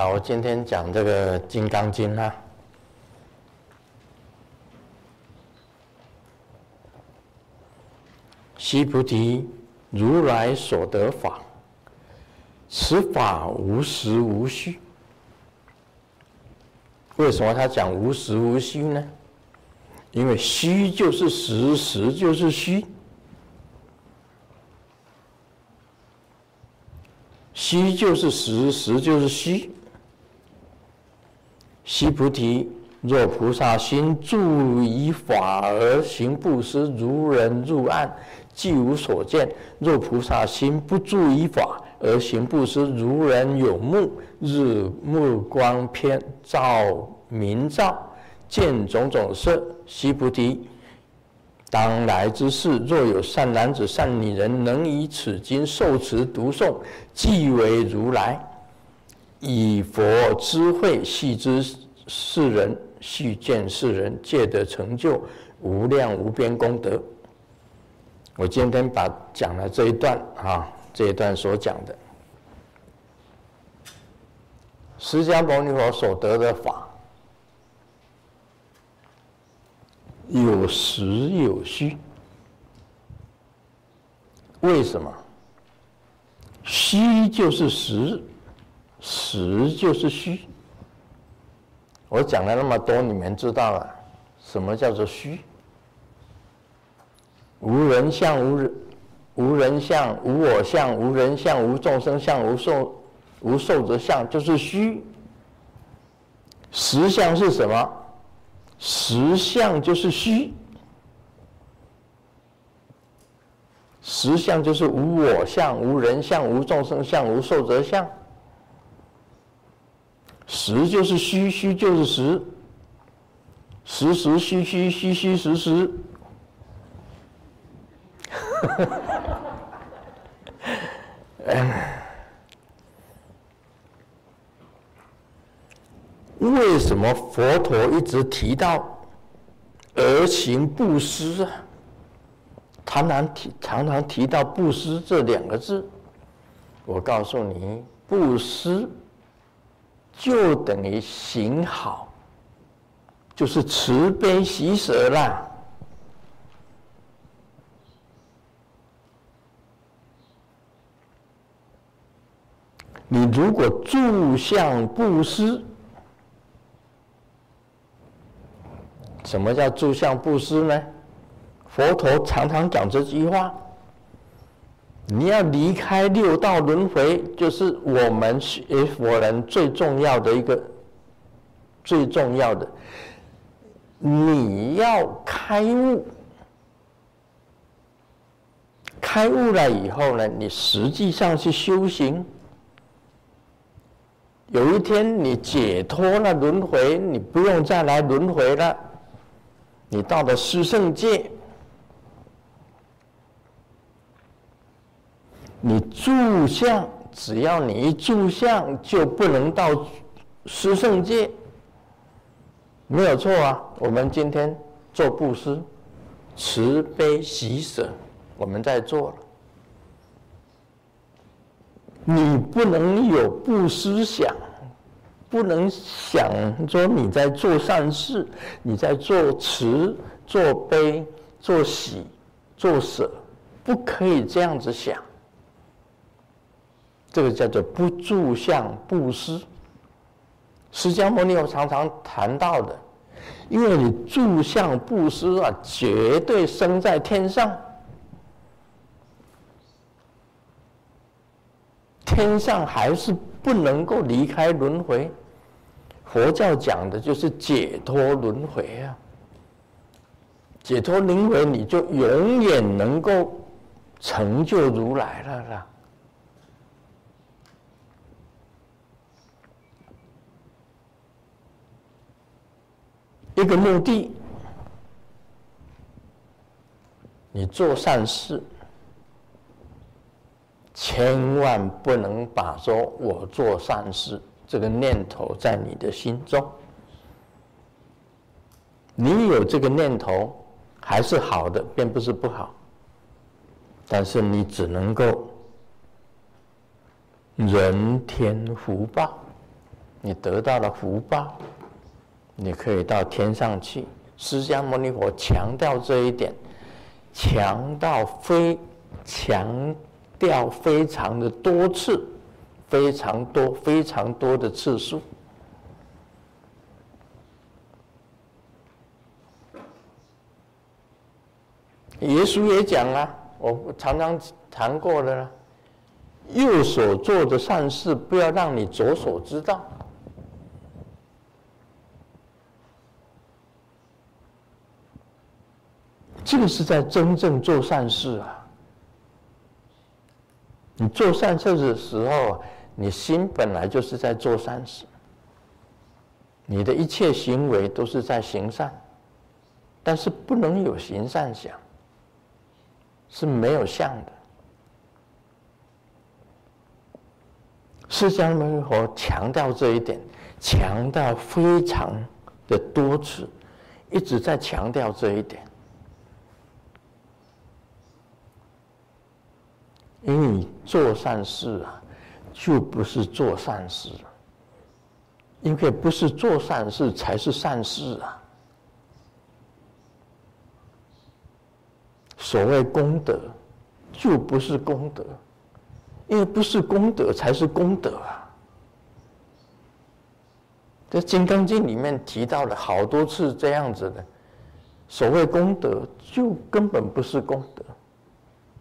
好，我今天講這個《金剛經》哈。須菩提，如來所得法，此法無實無虛。為什麼他講無實無虛呢？因為虛就是實，實就是虛。虛就是實，實就是虛。須菩提，若菩薩心住於法而行布施，如人入暗，即無所見；若菩薩心不住於法而行布施，如人有目，日目光偏照明照，見種種色。須菩提，當來之世，若有善男子、善女人，能以此經受持讀誦，即為如來。.以佛智慧，悉知是人，悉見是人，皆得成就無量無邊功德。我今天把講了這一段啊，這一段所講的釋迦牟尼佛所，所得的法有實有虛，為什麼虛就是實？實就是虛，我講了那麼多，你們知道了什麼叫做虛？無人相，無人，無人相，無我相，無人相，無眾生相，無壽，無壽者相，就是虛。實相是什麼？實相就是虛，實相就是無我相、無人相、無眾生相、無壽者相。實就是虛，虛就是實，實實虛虛虛虛實實，實。 為什麼佛陀一直提到而行布施啊？常常提，常常提到布施這兩個字。我告訴你，布施。就等於行好，就是慈悲喜捨啦。你如果住相布施，什麼叫住相布施呢？佛陀常常講這句話。你要離開六道輪迴，就是我們學佛人最重要的一個最重要的。你要開悟，開悟了以後呢，你實際上去修行。有一天你解脫了輪迴，你不用再來輪迴了，你到了四聖界。你住相，只要你一住相，就不能到十聖界，沒有錯啊。我們今天做布施、慈悲喜捨，我們在做了。你不能有布施想，不能想說你在做善事，你在做慈、做悲、做喜、做捨，不可以這樣子想。這個叫做不住相布施，釋迦牟尼佛常常談到的，因為你住相布施啊，絕對生在天上，天上還是不能夠離開輪迴，佛教講的就是解脫輪迴啊，解脫輪迴你就永遠能夠成就如來了啦。這個目的，你做善事，千萬不能把說“我做善事”這個念頭在你的心中。你有這個念頭還是好的，並不是不好。但是你只能夠人天福報，你得到了福報。你可以到天上去，釋迦牟尼佛強調這一點，強到非強調非常的多次，非常多非常多的次數。耶穌也講啊，我常常談過了了，右手做的善事，不要讓你左手知道。這個是在真正做善事啊。你做善事的時候，你心本來就是在做善事，你的一切行為都是在行善，但是不能有行善想，是沒有相的。釋迦牟尼佛強調這一點，強調非常的多次，一直在強調這一點。因為你做善事啊，就不是做善事。因為不是做善事才是善事啊。所謂功德，就不是功德。因為不是功德才是功德啊。在《金剛經》裡面提到了好多次這樣子的，所謂功德，就根本不是功德。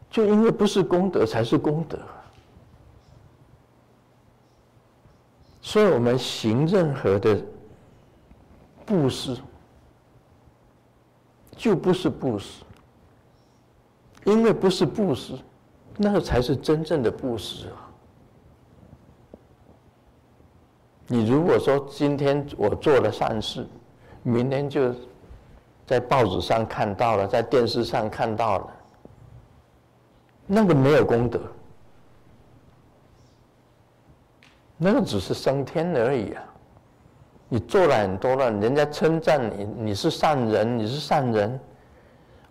就因為不是功德才是功德，所以我們行任何的布施，就不是布施。因為不是布施，那個才是真正的布施啊！你如果說今天我做了善事，明天就在報紙上看到了，在電視上看到了。那個沒有功德，那個只是升天而已啊！你做了很多了，人家稱讚你，你是善人，你是善人。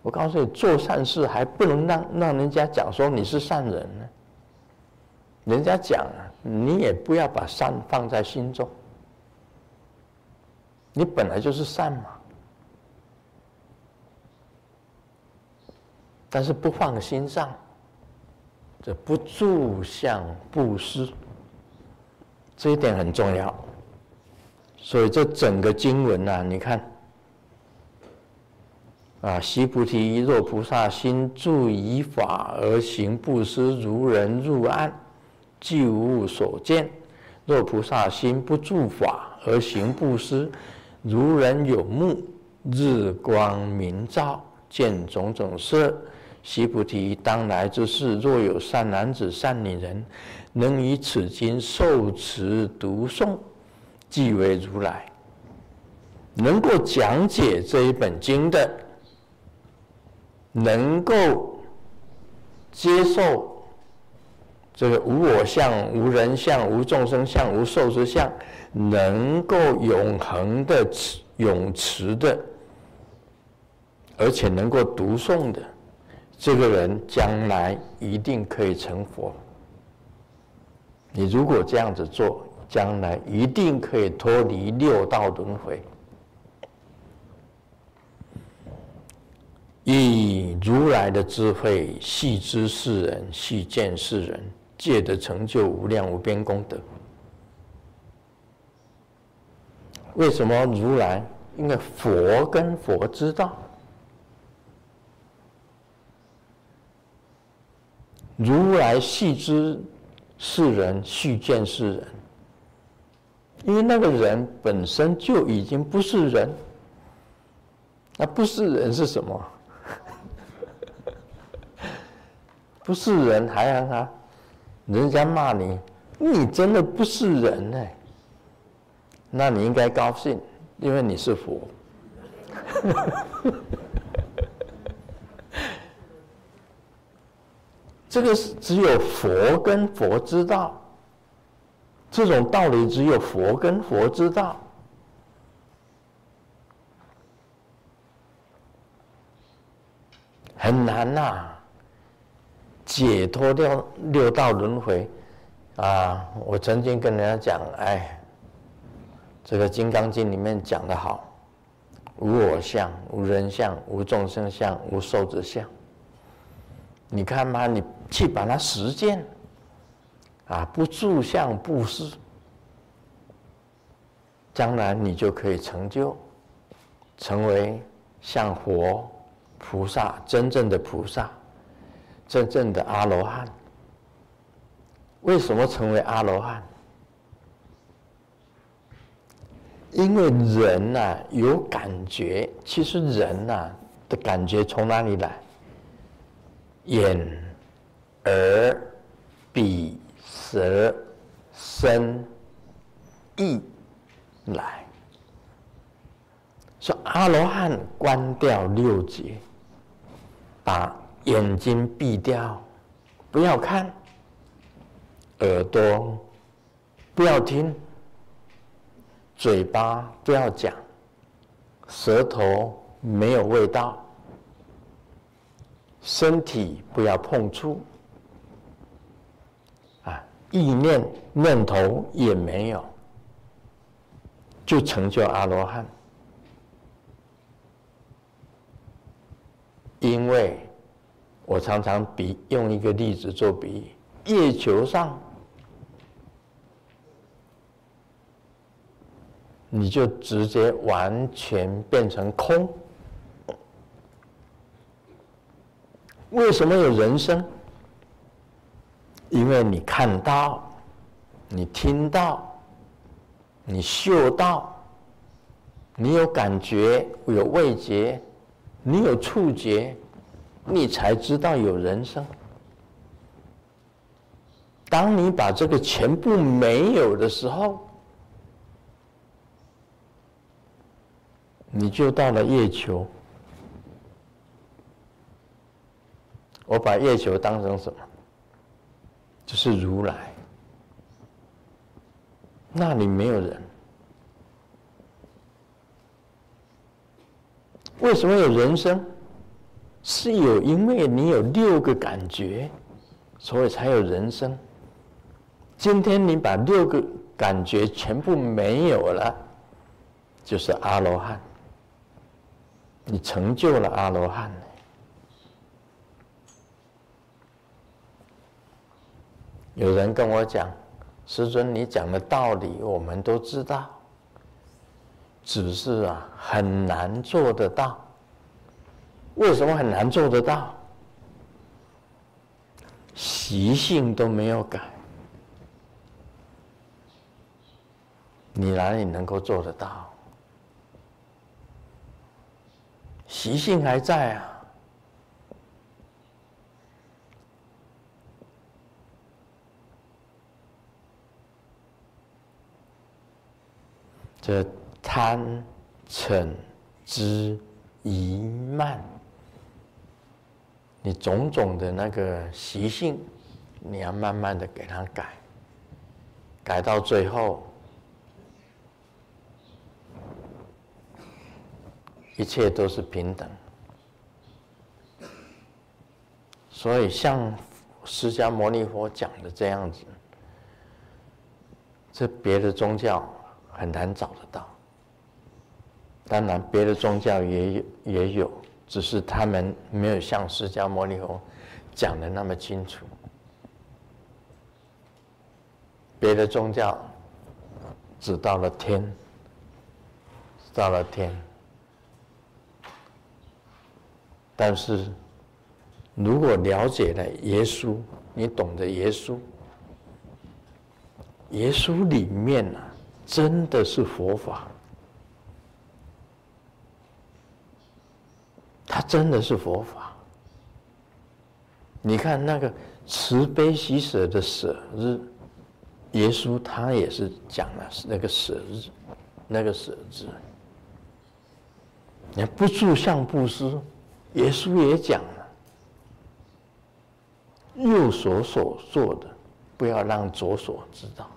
我告訴你，做善事還不能讓讓人家講說你是善人呢。人家講，你也不要把善放在心中，你本來就是善嘛，但是不放在心上。這不住相布施，這一點很重要。所以這整個經文吶、啊，你看，啊，須菩提若菩薩心住於法而行布施，如人入暗，即無所見；若菩薩心不住法而行布施，如人有目，日光明照，見種種色。須菩提，當來之世，若有善男子、善女人，能以此經受持讀誦，即為如來。能夠講解這一本經的，能夠接受這個無我相、無人相、無眾生相、無壽者相，能夠永恆的持、永持的，而且能夠讀誦的。這個人將來一定可以成佛。你如果這樣子做，將來一定可以脫離六道輪迴，以如來的智慧，悉知是人，悉見是人，皆得成就無量無邊功德。為什麼如來？因為佛跟佛知道。如來悉知是人，悉見是人，因為那個人本身就已經不是人，那、啊、不是人是什麼？ 不是人，還還還、啊，人家罵你，你真的不是人呢？、欸、那你應該高興，因為你是佛。 這個是只有佛跟佛知道，這種道理只有佛跟佛知道，很難吶，啊，解脫掉六，六道輪迴，啊，我曾經跟人家講，哎，這個《金剛經》裡面講得好，無我相，無人相，無眾生相，無壽者相。你看嘛，你。去把它實踐，啊，不住相布施，將來你就可以成就，成為像佛菩薩，真正的菩薩，真正的阿羅漢。為什麼成為阿羅漢？因為人吶、啊、有感覺，其實人吶、啊、的感覺從哪裡來？眼。耳鼻舌身意來，說阿羅漢關掉六節，把眼睛閉掉，不要看；耳朵不要聽；嘴巴不要講；舌頭沒有味道；身體不要碰觸。意念念頭也沒有，就成就阿羅漢。因為我常常比，用一個例子做比喻，月球上，你就直接完全變成空。為什麼有人生？因為你看到，你聽到，你嗅到，你有感覺，有味覺，你有觸覺，你才知道有人生。當你把這個全部沒有的時候，你就到了月球。我把月球當成什麼？就是如來，那裡沒有人。為什麼有人生？是有，因為你有六個感覺，所以才有人生。今天你把六個感覺全部沒有了，就是阿羅漢，你成就了阿羅漢。有人跟我講，師尊，你講的道理我們都知道，只是啊，很難做得到。為什麼很難做得到？習性都沒有改。你哪裡能夠做得到？習性還在啊。的貪、嗔、痴、疑、慢，你種種的那個習性，你要慢慢的給它改，改到最後，一切都是平等。所以像釋迦牟尼佛講的這樣子，這別的宗教。很難找得到。當然，別的宗教也有，也有，只是他們沒有像釋迦牟尼佛講的那麼清楚。別的宗教只到了天，只到了天。但是，如果了解了耶穌，你懂得耶穌，耶穌裡面呢？真的是佛法，他真的是佛法。你看那個慈悲喜捨的捨日，耶穌他也是講了那個捨日，那個捨字。你不住相布施，耶穌也講了：右手所做的，不要讓左手知道。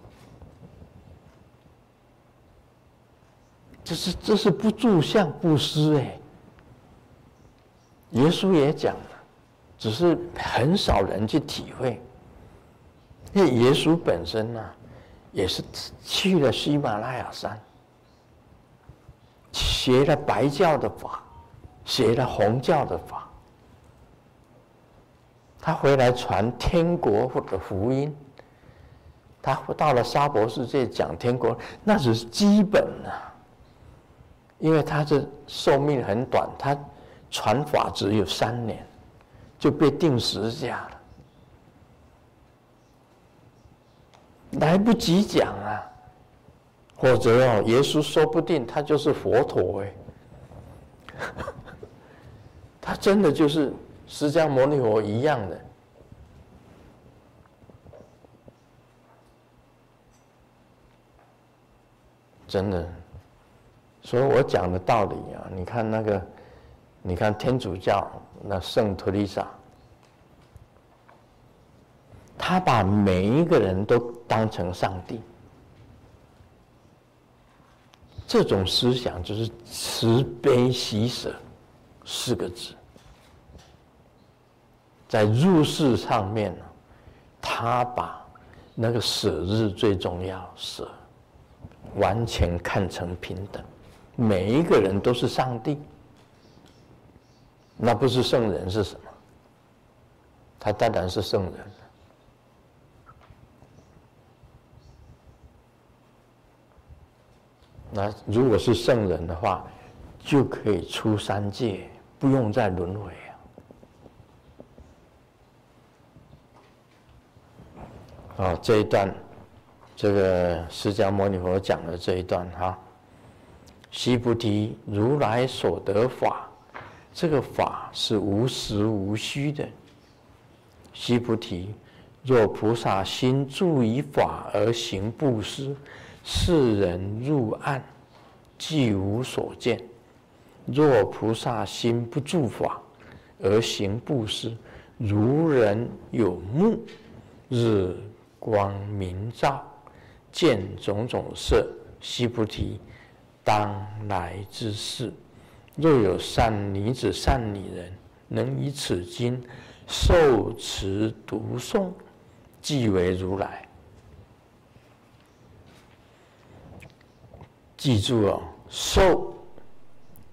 這是這是不住相布施哎，耶穌也講，只是很少人去體會。那耶穌本身呢、啊，也是去了喜馬拉雅山，學了白教的法，學了紅教的法，他回來傳天國或者福音，他到了娑婆世界講天國，那只是基本的、啊。因為他這壽命很短，他傳法只有三年，就被釘十架了，來不及講啊！或者哦，耶穌說不定他就是佛陀哎，他真的就是釋迦牟尼佛一樣的，真的。所以我講的道理啊，你看那個，你看天主教那聖托麗莎，他把每一個人都當成上帝，這種思想就是慈悲喜捨四個字，在入世上面呢，他把那個捨字最重要捨，完全看成平等。每一個人都是上帝，那不是聖人是什麼？他當然是聖人。那如果是聖人的話，就可以出三界，不用再輪迴啊！啊，這一段，這個釋迦牟尼佛講的這一段哈。須菩提，如來所得法，這個法是無實無虛的。須菩提，若菩薩心住於法而行布施，是人入暗，即無所見；若菩薩心不住法而行布施，如人有目，日光明照，見種種色。須菩提。當來之世，若有善女子、善女人，能以此經受持讀誦，即為如來。記住哦，受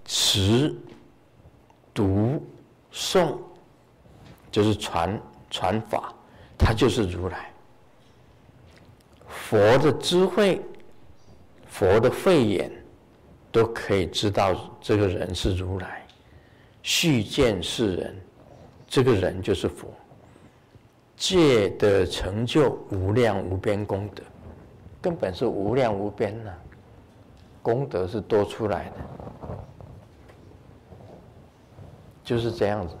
持讀誦，就是傳傳法，它就是如來。佛的智慧，佛的慧眼。都可以知道這個人是如來，悉見是人，這個人就是佛，皆得成就無量無邊功德，根本是無量無邊呐、啊，功德是多出來的，就是這樣子。